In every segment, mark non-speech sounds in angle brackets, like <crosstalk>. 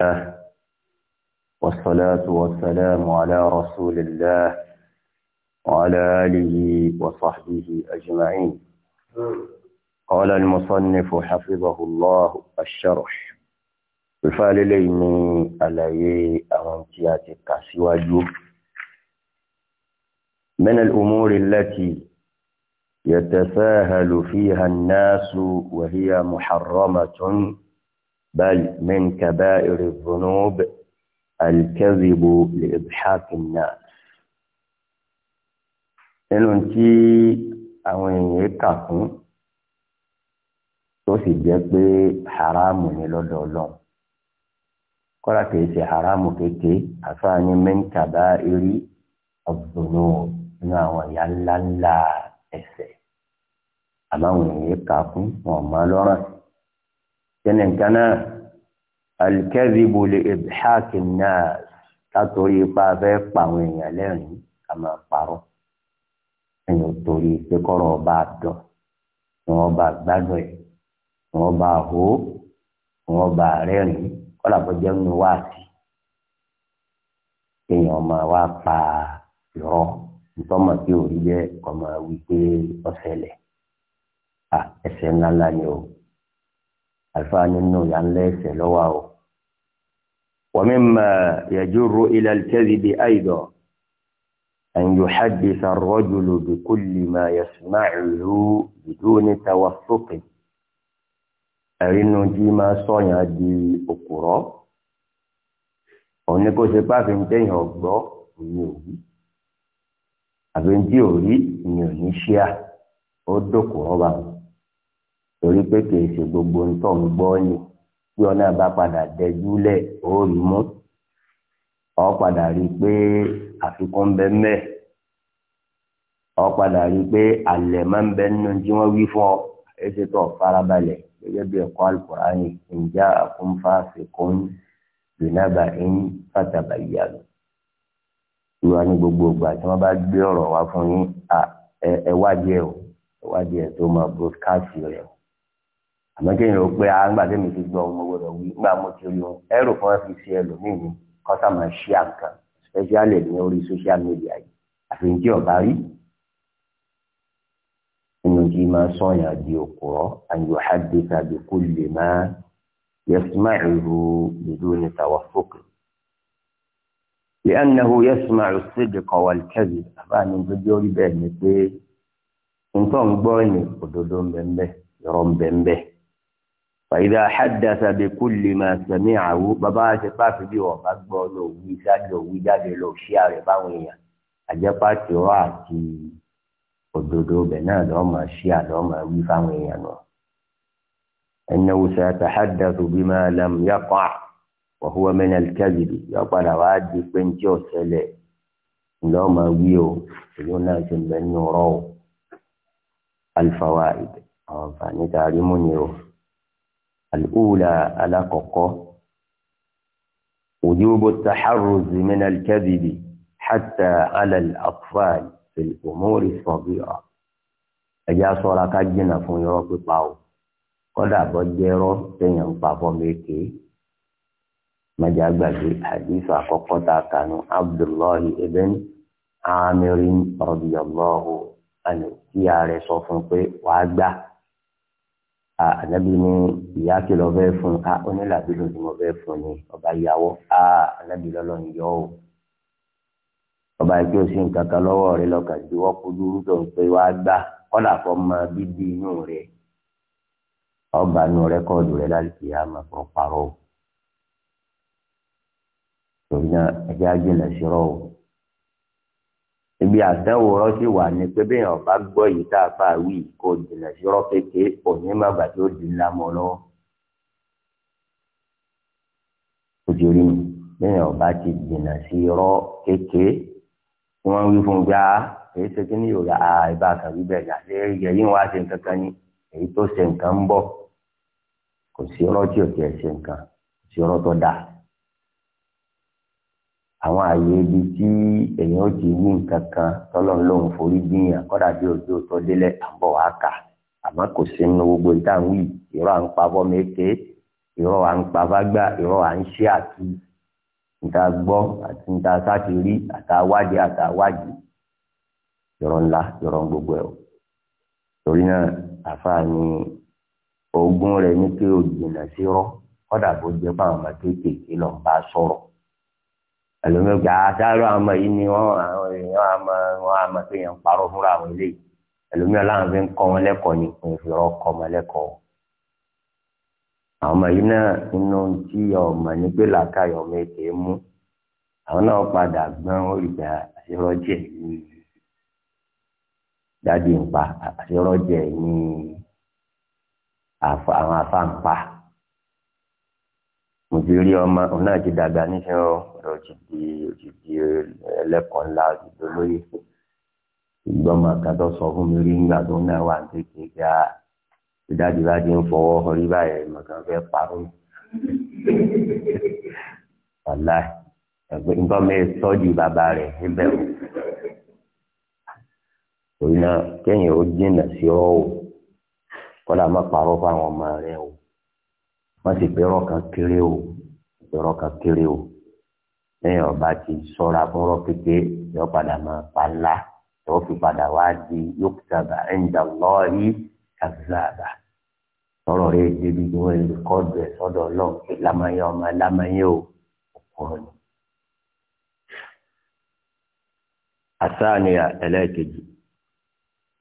الله والصلاة والسلام على رسول الله وعلى آله وصحبه أجمعين قال المصنف حفظه الله الشرح الفعل ليني علي أمانتيات كاسواجو من الأمور التي يتساهل فيها الناس وهي محرمة بل من كبائر الذنوب الكذب لإضحاك الناس nínú tí àwọn èèyàn kà kún tó sì لون. pé haramu ni lọ́dọ̀ Ọlọ́run kọ́ra kìí ṣe haramu kéke àfààní mẹ́ńtàbá eré ọ̀gbọ̀nù nínú àwọn ìyá ńláńlá ẹ̀ṣẹ̀ àmọ́ èèyàn kà kún wọn máa lọ́rùn kíni nǹkan náà alikẹ́rìbù lè ibhaki náà látòrí ipa fẹ́ pa àwọn èèyàn lẹ́rìn-ín ká máa parọ́ ẹ̀yìn torí pé kọ́rọ̀ ọba dùn ni wọ́n bá gbádùn ẹ̀ ni wọ́n bá hó ni wọ́n bá rẹ́rìn-ín kọ́lá bọ́ jẹ́ nínú máa wá pa irọ́ ntọ́mọ̀ tí ò rí bẹ́ẹ̀ kọ́ máa wí pé ọ̀sẹ̀ lẹ̀ ẹsẹ̀ ńláńlá ni o àlùfáà nínú ìyá ńlá ẹ̀ṣẹ̀ lọ́wọ́ o. ومما يجر إلى الكذب أيضا أن يحدث الرجل بكل ما يسمعه بدون توثق ẹ̀rínú jí máa sọ̀yàn di òkùrọ́ òun ni kò ṣe páàfì ń tẹ̀yàn ọ̀gbọ́ ìyẹn ò àbí ń tí ò rí ìyẹn ṣíà ó dòkùrọ́ báwọn torí pé kìí ṣe gbogbo ntọ́ ń gbọ́ ni bí ọ náà bá padà dẹjúlẹ̀ ó rí mú ọ padà rí i pé àfikún ń bẹ mẹ́ ọ padà rí i pé àlẹ̀ máa ń bẹ nínú tí wọ́n wí fún ọ èsì tó farabalẹ̀ gẹ́gẹ́ bí ẹ̀kọ́ alukurani ǹjẹ́ àkúnfà àfikún bìnàbà ń fàtàbà yàrá ìwà ní gbogbo ìgbà tí wọ́n bá gbé ọ̀rọ̀ wá fún yín ẹ wádìí wádìí ẹ tó máa broadcast rẹ o àmọ́ kéèyàn ó pé àgbà ah, tẹ́mi ti gbọ́ ọmọ gbọ́dọ̀ wí nígbà mo ti rí wọn ẹrù kan fi ṣe ẹlòmíì ni ṣí àǹkan especially ní orí social media yìí àfi ní tí ọba rí inú kí máa sọyàn di òkúrọ́ an yuhaddisa bi kulli ma yasma'uhu biduni tawaffuq li'annahu yasma'u as-sidqa wal-kadhib àbáni tó jẹ́ orí bẹ́ẹ̀ ni pé nǹkan gbọ́ ni òdodo ń bẹ́ẹ̀ ń fàyídà hádàsà bẹ kú lè máa sẹ̀mí àwọ bàbá àti páàpì bí wọn bá gbọ́ lọ òwú ìsájọ òwú jáde lọ sí ààrẹ báwọn èèyàn àjẹpá tìrọ àti òdodo bẹ̀ náà lọ́ọ́ máa ṣí àlọ́ máa wí fáwọn èèyàn náà. ẹnáwó sàtà hádàsà bí máa lam yàpá wàhùwà mẹ́nà kẹ́gìdì yọ padà wá di pé ń tí ò ṣẹlẹ̀ lọ́ọ́ máa wí o èyí náà ti bẹ̀ ń nù rọ́ o. alifawa àwọn àǹfààní tààrí mú ni o al'ula alakọ̀kọ́ wujubu taharruz min al-kadhibi hatta ala al-atfal fil umuri as-saghira ẹ̀já sọ́ra ká jìnnà fún irọ́ pípa o kọ́dà bọ́ jẹ́rọ́ téèyàn ń pa fọ́ọ̀mù èké mẹjá gbàgbé hadith àkọ́kọ́ tá a kànú abdullahi ibn amirin radiyallahu anhu tí a rẹ̀ sọ fún pé wàá gbà ànábì ní ìyá kí lọ fún a ó ní làbí ló ti mọ fẹ́ fún ni ọba ìyàwó a ànábì lọ́lọ́ ń yọ ọ́ ọba ìjọ sí nǹkan kan lọ́wọ́ rẹ lọ́kàn tí wọ́n kú dúró tó ń pé wá gbà kọ́là kọ́ mọ bíbí inú rẹ ọba inú rẹ́kọ́ọ̀dù rẹ láti yá máa fọ́ parọ́ o torí náà ẹjẹ́ ajínlẹ̀ sí o ibi àdánwò rọ́ọ̀sì wà ní pé bẹ́ẹ̀ ọ̀bá gbọ́ yìí tá a fà wí kò jìnnà sí rọ́ọ̀kéke òní màgbà tí ó di ńlá mọ́ lọ́wọ́. òjòrí mi bẹ́ẹ̀ ọ̀bá ti jìnnà sí rọ́ọ̀kéke tí wọ́n wí fún gbá èyí ṣe kí ni yóò yá àìbá kan wí bẹ́ẹ̀ yà lé yẹ yín wá ṣe nǹkan kan ní èyí tó ṣe nǹkan ń bọ̀ kò sí ọ̀rọ̀ tí ò tiẹ̀ ṣe nǹkan kò sí ọ̀rọ̀ tó dáa àwọn àyè ibi tí èèyàn ó ti wú nǹkan kan tọ́lọ̀ ń lòun forí gbìyàn kọ́dà bí ojú tó délẹ̀ àbọ̀ wá kà àmọ́ kò sí nínú gbogbo ìta ń wí ìrọ̀ à ń pa bọ́ méke ìrọ̀ à ń pa fágbà ìrọ̀ à ń ṣe àti níta gbọ́ àti níta sáti rí àtàwádìí àtàwádìí ìrọ̀ ńlá ìrọ̀ gbogbo ẹ̀ torí náà àfáà ni oògùn rẹ̀ ní kí o jìnnà sí rọ́ kọ́dà bó jẹ́ báwọn ọmọ kéékèèké lọ́n bá sọ̀rọ̀ ẹlòmígbà àtàrọ àmọ́ yìí ni wọn àwọn èèyàn àmọ́ wọn àmọ́ pé yẹn ń parọ́ fúnra àwọn eléyìí ẹlòmígbà láwọn fi ń kọ́ wọn lẹ́kọ̀ọ́ ni kò fi rọ kọ́ wọn lẹ́kọ̀ọ́ àwọn ọmọ yìí náà nínú tí ọmọ ní pé làákàyè ọmọ ètè mú àwọn náà padà gbọ́n olùgbà àṣírọjẹ ní dáàdi ń pa àṣírọjẹ ní àwọn afá ń pa mo ti rí ọmọ òun náà ti dàgbà níṣẹ́ ọ ọ̀rọ̀ ti di ti di ẹlẹ́kọ̀ọ́ ńlá òdìdó lóye ìgbọ́n máa kà tó sọ fún mi rí nígbà tó náà wà ní kékeré a ah, ìdájọ́ bá ti ń fọwọ́ orí báyẹn mọ̀kàn fẹ́ parọ́ ọ̀la ẹgbẹ́ nǹkan mẹ́rin sọ́jú bàbá rẹ̀ níbẹ̀ o torí náà kéèyàn ó jìnnà sí ọ́ o kọ́lá má parọ́ fáwọn ọmọ rẹ̀ o wọ́n sì pèrọ kan kéré o pèrọ kan kéré o lẹ́yìn ọba ti sọ́ra fọ́rọ́ kéke yọ padà máa pa ńlá yọ fi padà wá di yókùtàbà ẹ̀ńdà lọ́ọ̀rí kàzáàbà sọ̀rọ̀ rẹ̀ débi tí wọ́n lè kọ́ọ̀dù ẹ̀ sọ́dọ̀ ọlọ́run pé lámàyé ọmọ lámàyé o ọ̀pọ̀ ni. الثانية التي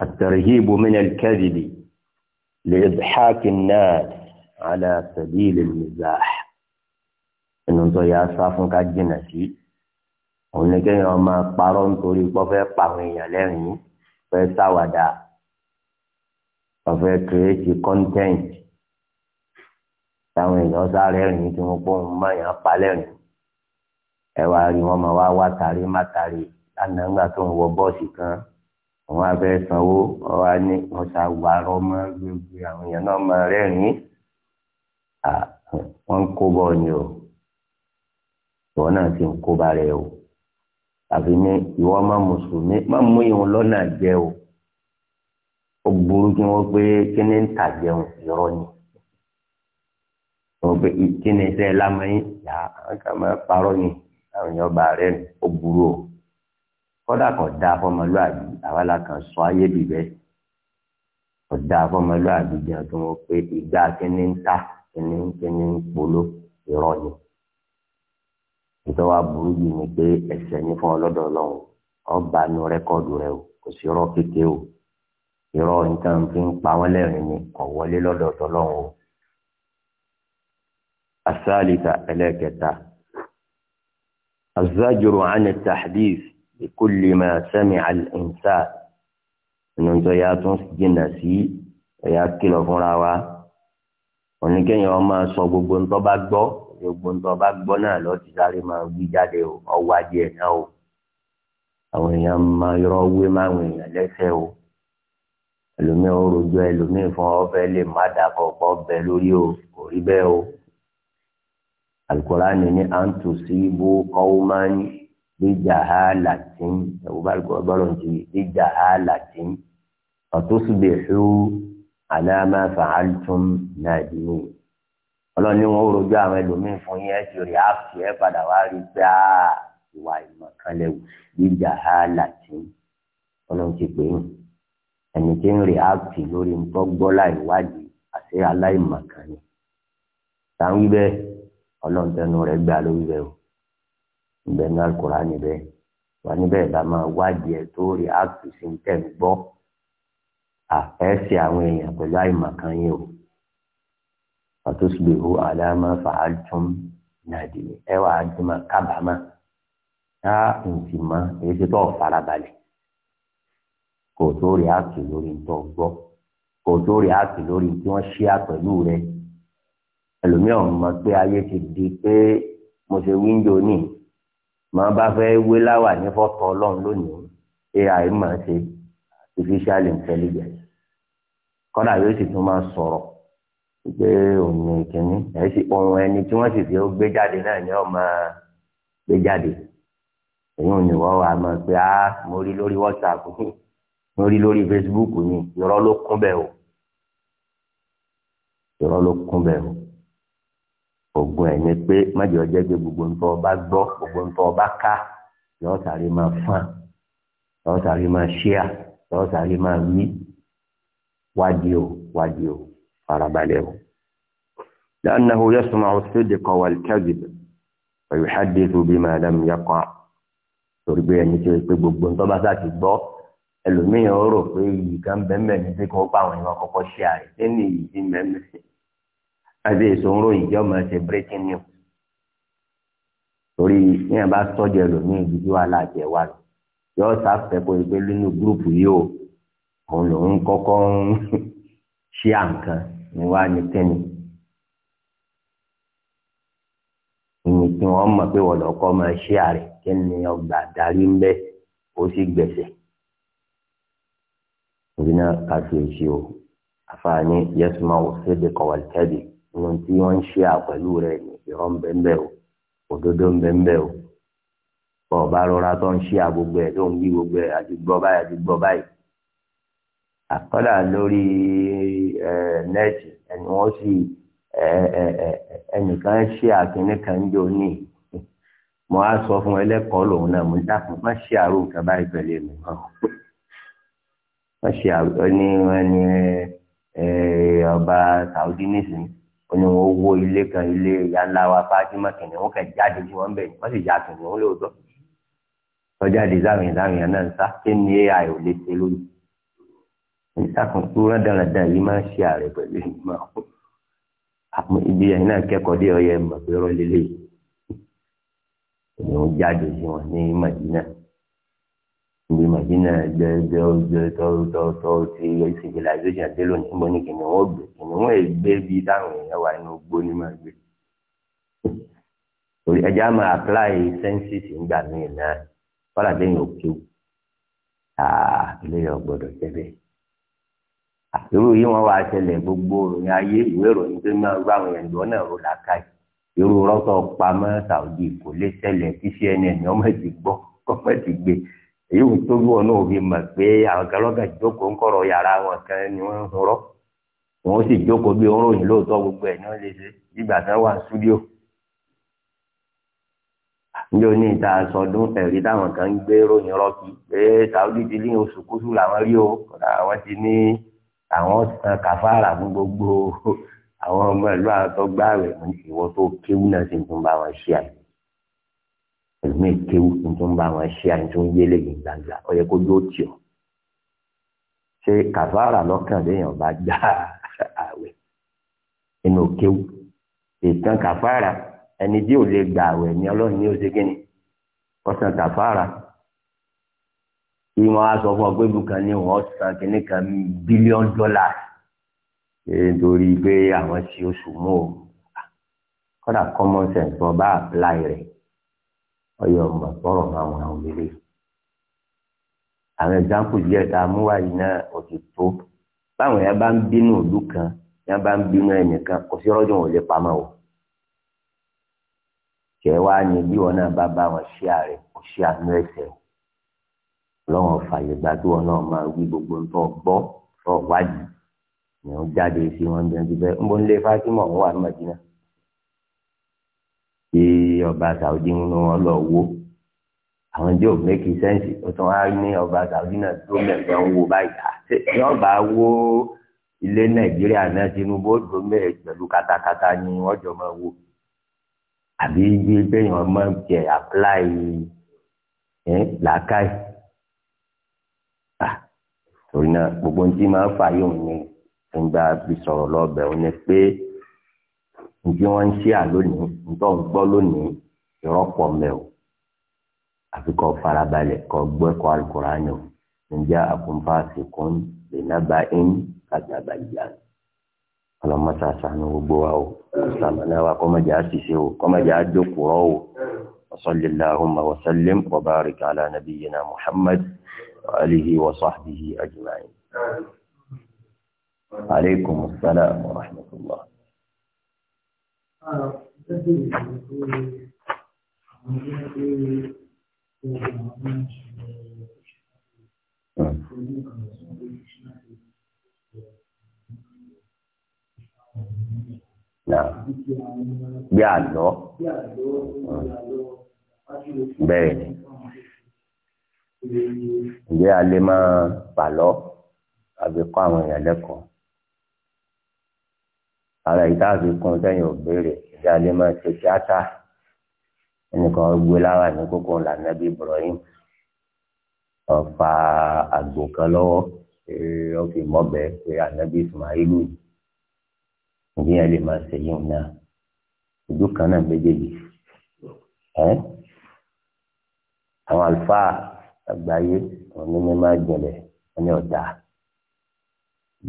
الترهيب من الكذب لإضحاك الناس ala sabili al-mizah inú tó yà sá fún ká jìnà sí òun ni kéèyàn máa parọ́ nítorí pọ́fẹ́ pàwọn èèyàn lẹ́rìn-ín fẹ́ sáwàdà ọ̀fẹ́ kìrẹ́tì kọ́ńtẹ́ǹtì táwọn èèyàn sáré rìn tí wọ́n pọ́n mọ́yàn palẹ́rìn ẹ wá rí wọn máa wá wá tàrí má tàrí lánàá ńgbà tó ń wọ bọ́ọ̀sì kan wọn á fẹ́ sanwó wọn á ní wọn ṣàwárọ́ mọ́ gbogbo àwọn èèyàn náà máa rẹ́rìn-ín a ń kó bọ́ ni o ìwọ náà ti ń kó bá rẹ o àfi ní ìwọ má mùsùlùmí má mú ìhun lọ́nà jẹ o ó burú kí wọ́n pé kí ni ń tà jẹun irọ́ ni wọ́n pé kí ni iṣẹ́ lámẹ́yìn yá àwọn kan máa parọ́ ni àwọn èèyàn bá rẹ ni ó burú o kódà kò dáa fọmọlúwàbí àwa la kàn sọ ayé bìbẹ́ kò fọmọlúwàbí jẹun tó wọ́n pé ìgbà kí ni ń tà kíní kíní ń polo irọ́ ni ìtọ́wá burú yìí ni pé ẹsẹ̀ ní fún ọlọ́dọ̀ ọlọ́run ọba nu rẹ́kọ́ọ̀dù rẹ o kò sí irọ́ kéke o irọ́ nǹkan fi ń pa wọ́n lẹ́rìn ni kò wọlé lọ́dọ̀ ọlọ́run o. asálìta ẹlẹ́kẹta azájúrò àni tahdís ìkúlì máa sẹ́mi àlìǹsà ìnùjọ́ ya tún jìnnà sí ẹ̀yà kìlọ̀ fúnra wa oníkẹyìn ọ máa sọ gbogbo ntọ́ bá gbọ́ gbogbo ntọ́ bá gbọ́ náà lọ ti sáré máa wí jáde o ọwọ́ adé ẹ̀ náà o àwọn èèyàn máa yọrọ wé máa àwọn èèyàn lẹ́sẹ̀ o ẹlòmíì ó rojọ́ ẹlòmíì fún ọ fẹ́ lè má dà kọ̀ọ̀kọ́ bẹ lórí o kò rí bẹ́ẹ̀ o alukurani ni à ń tù sí ibú kọ́wọ́mání bíjà ha làtín ẹ̀wọ́n bá alukurani ti bíjà ha làtín ọ̀tún sì bẹ̀ fún àlàmà fàáltùm nàdìmí ọlọ́run ni wọ́n rojọ́ àwọn ẹlòmíín fún yẹn ti rí àpì ẹ̀ padà wá rí pé á ah, ìwà ìmọ̀kànlẹ̀ gbígbà á làtí ọlọ́run ti pè é ẹni tí ń rí àpì lórí nǹkan gbọ́lá ìwádìí àti aláìmọ̀kànlẹ̀ táwọn wí bẹ́ẹ̀ ọlọ́run tẹnu rẹ̀ gbà lórí bẹ́ẹ̀ o ìgbẹ́ alukóra níbẹ̀ wà níbẹ̀ bá máa wádìí ẹ̀ tó rí àpì sí ń tẹ̀ ń gbọ́ àfẹ́sẹ̀ àwọn èèyàn pẹ̀lú àìmọ̀kan yìí o àtúnṣubìhù àdámà fàájùm nàdì ẹwà àjùmọ̀ kábàámà ká ntìmọ̀ èyí ṣe tó farabalẹ̀ kò tó rí àtù lórí ntọ́ gbọ́ kò tó rí àtù lórí tí wọ́n ṣí àpẹ̀lú rẹ ẹlòmíràn mọ̀ pé ayé ti di pé mo ṣe wíńdò ní màá bá fẹ́ wé ní fọ́tọ̀ ọlọ́run lónìí ai máa ṣe artificial intelligence kọ́dà yóò sì tún máa sọ̀rọ̀ pé òun ní kínní ẹ̀ sì ohun ẹni tí wọ́n sì fi ó gbé jáde náà ni ọ̀ máa gbé jáde èyí ò ní wọ́n wà mọ̀ pé á mo rí lórí WhatsApp ni mo rí lórí Facebook ni irọ́ ló kún bẹ́ẹ̀ o irọ́ ló kún bẹ́ẹ̀ o ògùn ẹ̀ ni pé májọ jẹ́ pé gbogbo nǹkan ọba gbọ́ gbogbo nǹkan ọba ká yọ̀ọ́ sáré máa fún yọ̀ọ́ sáré máa ṣíà lọ́wọ́ sáré máa wí wádìí o wádìí o farabalẹ̀ o. لأنه يصنع الصدق والكذب ويحدث بما لم يقع torípé ẹni tí o pé gbogbo nǹkan bá sáà ti gbọ́ ẹlòmíràn ó rò pé iyì kan bẹ́ẹ̀ ní pé kí wọ́n pa àwọn èèyàn kọ́kọ́ ṣe àrè tí ní iyì ti mẹ́mẹ́ àti ìṣòro ìjọ máa ṣe breaking news torí ní ẹ̀ bá tọ́jú ẹlòmíràn ibi tí wàhálà àti ẹ̀wà lọ yọ sáfẹ́ bó ẹgbẹ́ nínú gúrùpù yìí o òun lòun kọ́kọ́ ń <laughs> ṣí àǹkan ni wá ní kíni. ìyìn tí wọ́n mọ̀ pé wọ́n lọ́kọ́ máa ṣí àrè kí ni ọgbà darí ń bẹ́ ó sì gbẹ̀sẹ̀. torí náà ká fi èsì o àfààní yẹsùmá ò séde kọ̀wálítẹ́dì ohun tí wọ́n ń ṣí à pẹ̀lú rẹ̀ ní ìrọ̀ ń bẹ́ẹ̀ bẹ́ẹ̀ o òdodo ń bẹ́ẹ̀ bẹ́ẹ̀ o ọba rọra tó ń ṣí àgbogbo ẹ̀ tó ń bí gbogbo ẹ̀ àti gbọ́ báyìí àti gbọ́ báyìí àkọ́dà lórí nẹ́ẹ̀tì ẹni wọ́n sì ẹnìkan ṣe àkíní kan jò ní mo á sọ fún ẹlẹ́kọ̀ọ́ lòun náà mo dákun má ṣe àrò nǹkan báyìí pẹ̀lú èmi kan má ṣe àrò ní ẹni ọba Saudi nísìnyí ó ní wọn wó ilé kan ilé ìyá ńlá kìnìún kan jáde tí wọ́n ń bẹ̀ wọ́n sì já kìnìún lóòótọ́ tọ́jáde láwọn ìlànà yẹn náà ń sá kí ni ai ò lè ṣe lórí ìsàkùnkú rádaràdàn yìí máa ń ṣe ààrẹ pẹ̀lú ìmọ̀ àwọn ibi ẹ̀yin náà kẹ́kọ̀ọ́ dé ọyẹ mọ̀ pé rọ́lélẹ̀ ìyẹn jáde sí wọn ní Madina ibi Madina jẹjẹ ọjọ tọtọtọ ti civilization dé lónìí níbo ni kìnìún wọn gbé kìnìún wọn gbé bíi táwọn èèyàn wà nínú gbó ní máa gbé ẹjẹ á máa apply census ńgbà míì náà kọ́lá lẹ́yìn òkè o eléyà ọgbọ́dọ̀ jẹ́bẹ̀. àpérò yìí wọ́n wá ṣẹlẹ̀ gbogbo ìròyìn ayé ìwé ìròyìn tó máa ń gbà wọ́n lọ́nà ẹ̀rọ làákàyè irú rọ́tọ̀ pamọ́ sàwùdí kò lè ṣẹlẹ̀ kí cnn ọmọ ti gbọ́ kọ́mọ́ ti gbé èyí wò tó bí wọn náà mọ̀ pé àwọn kan lọ́gà jókòó ń kọ̀rọ̀ yàrá wọn kan ni wọ́n ń rọ́ wọn sì jókòó bí oròyìn lóòótọ́ gbogbo ẹ̀ ní wọ́n lè ṣe nígbà tí wà ní stúdíò ní oní ìta sọdún ẹ̀rí táwọn kan ń gbé ròyìn rọ́ọ̀kì pé Saudi ti ní oṣù kúṣù làwọn rí o àwọn ti ní àwọn kàfàrà fún gbogbo àwọn ọmọ ìlú àtọ́gbà rẹ̀ ìwọ tó kéwú náà sì tún bá wọn ṣe àyè èmi kéwú tún bá wọn ṣe àyè tó ń yélé yìí gbàgbà ó yẹ kó dó tì ọ́ ṣe kàfàrà lọ́kàn léèyàn bá gbà àwẹ̀ inú kéwú ìtàn kàfàrà ẹni tí ò lè gbà àwẹ̀ ni ọlọ́run ní oṣù kínní ọ̀sán kàfàrà kí wọ́n á sọ fún ọ pé ibùkàn ni wọ́n san kínní kan bílíọ̀nù dọ́là nítorí pé àwọn ṣe oṣù mú o kọ́dà common sense wọn bá apply rẹ̀ ọyọ ọmọ sọ̀rọ̀ àwọn àwọn ilé àwọn example díẹ̀ tá a mú wáyé náà ó tó báwọn yẹn bá ń bínú ìlú kan yẹn bá ń bínú ẹnìkan kò sí rọ́jò wọn ò lè pamọ́ o kẹ̀ wá bí wọn náà bá bá wọn ṣí ààrẹ kò ṣí àánú ẹsẹ̀ lọ́wọ́n fàyè gbà tí wọn náà máa wí gbogbo ń tọ́ gbọ́ wádìí ni wọn jáde sí wọn bí wọn ti fẹ́ ń bọ́ nílé Fatima òun wà ní Madina tí ọba Saudi ń wọn lọ wó àwọn jẹ́ ò mẹ́kì sẹ́ǹsì ó tún wá ní ọba Saudi náà tó mẹ́fẹ́ ń wo báyìí àti yọba wo ilé Nàìjíríà náà Tinubu ó dùn mẹ́ẹ̀ pẹ̀lú katakata ni wọ́n jọ máa wo àbí bí bẹ́yìn ọmọ jẹ apply ẹ̀ làákàyè ah, torí náà gbogbo ohun tí máa ń fà yóò ní ìgbà bí sọ̀rọ̀ lọ́bẹ̀ ó ní pé ǹjẹ́ wọ́n ń ṣe à lónìí ǹtọ́ ń gbọ́ lónìí ìrọ́pọ̀ mẹ́wò àfi kọ́ farabalẹ̀ kọ́ gbọ́ ẹ̀kọ́ alukóra ni o àkùnfà àsìkò ń lè nábàá ń kàgbà bàjẹ́ ọlọ́mọ sàṣàánú gbogbo wa o sàmánà wa kọ́mọ̀jà àṣìṣe o kọ́mọ̀jà àjòkúrọ̀ o وصلى اللهم وسلم وبارك على نبينا محمد وآله وصحبه أجمعين عليكم السلام ورحمة الله Mm-hmm. náà bí àlọ́ bẹ́ẹ̀ ni ǹjẹ́ a lè máa pàlọ́ àbí kọ́ àwọn èèyàn lẹ́kọ̀ọ́ ara ìta àfi kún sẹ́yìn òbéèrè ǹjẹ́ a lè máa ṣe tíátà ẹnìkan gbé lára ní kókó ńlá nàbí Ibrahim ọ̀fà àgbò kan lọ́wọ́ ọ̀fìmọ́bẹ̀ pé ànábì Ismailu yìí ìdí yẹn lè máa ṣe yín náà ojú kan náà méjèèjì ẹ àwọn àlùfáà àgbáyé wọn ní mímá jẹlẹ wọn ní ọdà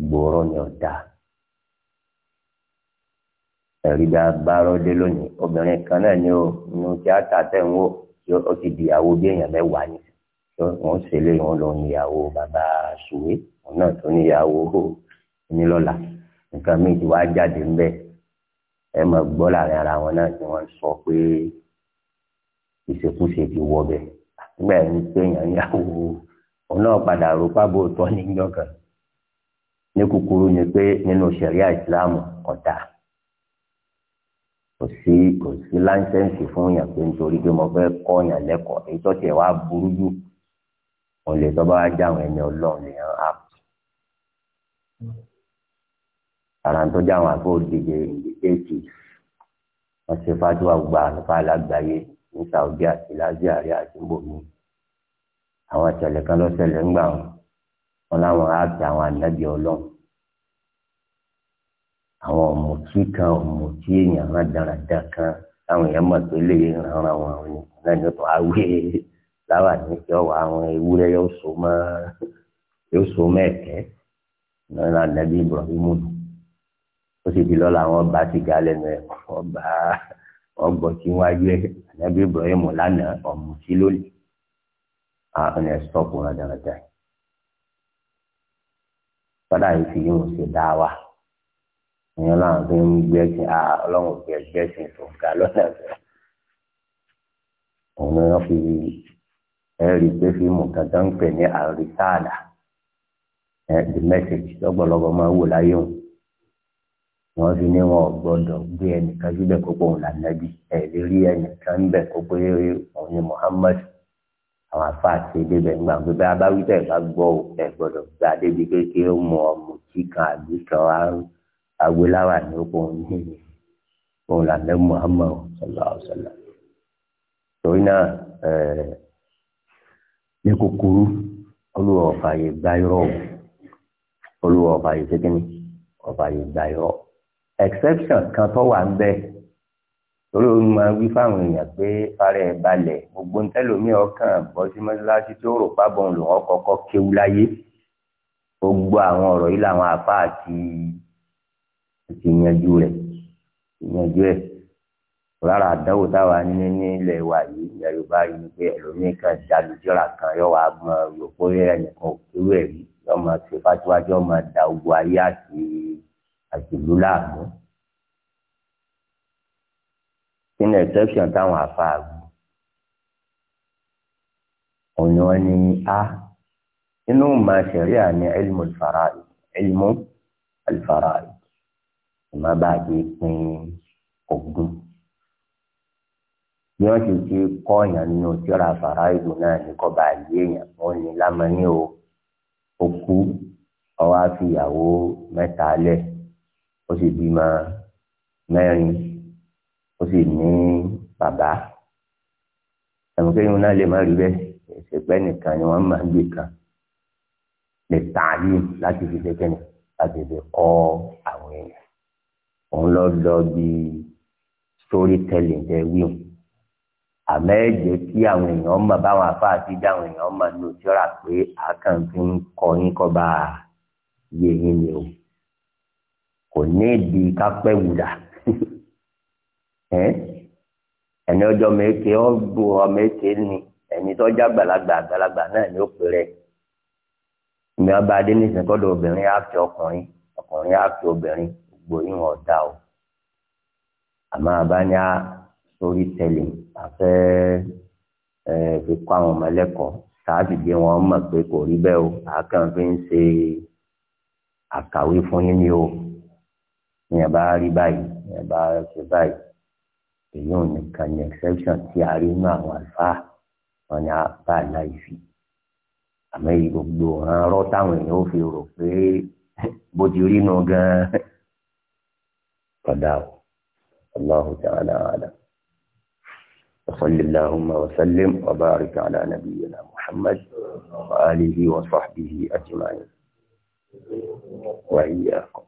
gbòòrò ní ọdà ẹ̀rídà bárọ́dé lónìí obìnrin kan náà ni ó nu tíátà tẹ̀ ń wò ó ti di ìyàwó bí èèyàn mẹ́wàá ni wọ́n ṣe lé wọn lọ níyàwó bàbá ṣùwé wọn náà tó níyàwó nílọ́la nǹkan míì ti wá jáde ńbẹ ẹ mọ̀ gbọ́ láàrin ara wọn náà tí wọ́n sọ pé ìṣekúṣe ti wọ bẹ̀ nígbà yẹn pé èèyàn yàwó òun náà padà rò pábò tọ́ níjọ́ kan ní kúkúrú ni pé nínú ṣẹ̀ríà ìsìláàmù ọ̀tá kò sí kò sí láńsẹ̀ǹsì fún yàn pé nítorí pé mo fẹ́ kọ́ yàn lẹ́kọ̀ọ́ èyí tó tiẹ̀ wá burú jù òun lè tọ́ bá wá jáwọn ẹni ọlọ́run lèèyàn áàpù ara tó jẹ́ àwọn àfọ òdìdè eighty wọ́n ṣe fájúwà gba àlùfáà lágbàáyé ní Saudi àti lazio àrí àti bomi àwọn ìṣẹ̀lẹ̀ kan ló ṣẹlẹ̀ ń gbà wọn wọn láwọn áàpì àwọn ànábì ọlọ́run àwọn ọ̀mùtí kan ọ̀mùtí èèyàn hàn dáradá kan táwọn èèyàn mọ̀ pé lè ràn wọn àwọn ni ní ọ̀tọ̀ awé láwà ní kí àwọn ewúrẹ́ yóò so mọ́ ẹ̀kẹ́ náà ní Ibrahim nù ó sì di lọ́la àwọn ọba sìgá lẹ́nu ẹ̀ ọba ọgbọ̀n tí wọ́n ayé ànábì Ibrahim lánàá ọ̀mù sí lónìí àwọn ẹ̀ sọ́ọ̀kù rẹ̀ dáadáa fọdà yìí fi yóò ṣe dá wa ìyẹn láwọn tó ń gbé ẹsìn a ọlọ́run gbé ẹgbẹ́ ẹsìn tó ga lọ́nà ẹ̀fẹ́ òun ni wọ́n fi ẹ̀rí pé fíìmù kan ń pè ní àrísáàdà the message lọ́gbọ̀lọ́gbọ̀ máa wò láyé òun wọ́n fi ní wọn gbọ́dọ̀ gbé ẹnìkan síbẹ̀ kó pé òun là nàbí ẹ̀ lè rí ẹnìkan bẹ̀ kó pé òun ni Muhammad àwọn afáàtì débẹ̀ ńgbà pé bá bá wí bẹ́ẹ̀ bá gbọ́ ò ẹ̀ gbọ́dọ̀ gba débi kékeré ó mọ ọmọ tí kan àbí agbéláwà ní oko òun ní òun là nàbí Muhammad sallallahu alaihi wasallam torí náà ní kúkúrú olúwa ọ̀fàyè gbáyọ̀rọ̀ olúwa ọ̀fàyè sékìní ọ̀fàyè gbáyọ̀rọ̀ exception kan tó wà ń bẹ torí o máa wí fáwọn èèyàn pé fara ẹ̀ balẹ̀ gbogbo ń tẹ́lómi ọkàn bọ́ sí mọ́ṣáláṣí tó rò pábọ̀ ń lò wọ́n kọ́kọ́ kéwú láyé gbogbo àwọn ọ̀rọ̀ yìí làwọn àfáà ti ti yanjú rẹ̀ yanjú ẹ̀ rárá àdánwò táwa ní nílẹ̀ wa yìí ilẹ̀ yorùbá yìí ni pé ẹlòmíín kan dalùjọ́ra kan yóò wá mọ yòókù rẹ̀ nìkan òkúrú rí yóò máa ṣe fásiwájú yóò máa da ogun ayé àti àti ìlú láàmú. kí ni exception táwọn àfáà gbọ́ òní wọn ni a inú ma ṣẹ̀ríà ní ilmu alfara'id ilmu alfara'id ìmọ̀ bá a ti pín ogún bí wọ́n ti ti kọ́ èèyàn nínú tíra fara'id náà ní kọ́ bá a yé èèyàn wọn ni lámọ́ ní o ó kú ọwọ́ á fi mẹ́ta lẹ̀ ó sì bímọ mẹ́rin ó sì ní bàbá ẹ̀mú kéwọn náà lè má rí bẹ́ẹ̀ ìṣèpẹ́ nìkan ni wọ́n máa ń gbé kan lè tààlì láti fi ṣẹ́kẹ́ ni láti fi kọ́ àwọn èèyàn òun lọ lọ bí story telling jẹ́ wíwọ̀n àmọ́ ẹ jẹ́ kí àwọn èèyàn mọ̀ báwọn afáà dá àwọn èèyàn mọ̀ ní òjọ́ra pé àkàǹfin kọ́ yín kọ́ bá yé yín ni o kò ní ìdí kápẹ́ wùdà <laughs> ẹni ọjọ́ méke ó bu ọmọ èké ni ẹni tó já gbàlagbà àgbàlagbà náà ni ó pèrè ìmọ̀ ọba adéníṣẹ́ kọ́dọ̀ obìnrin á fi ọkùnrin ọkùnrin á fi obìnrin gbogbo yìí wọn dá o àmọ́ àbá a sórí tẹ́lẹ̀ àfẹ́ fi kọ́ àwọn ọmọ ẹlẹ́kọ̀ọ́ sáàbì bí wọ́n mọ̀ pé kò rí bẹ́ẹ̀ o àákàn fi ń ṣe àkàwé fún yín ni o ìyẹn bá rí báyìí ìyẹn bá ṣe báyìí èyí ò nìkan ní exception tí a rí inú àwọn àlùfáà wọn ni a bá láìsí àmọ́ èyí gbogbo ọ̀ràn rọ́ táwọn èèyàn ó fi rò pé bó ti rí nu gan-an kọ̀dà o Allahu ta'ala alam. وصل اللهم وسلم وبارك على نبينا محمد وآله وصحبه أجمعين وإياكم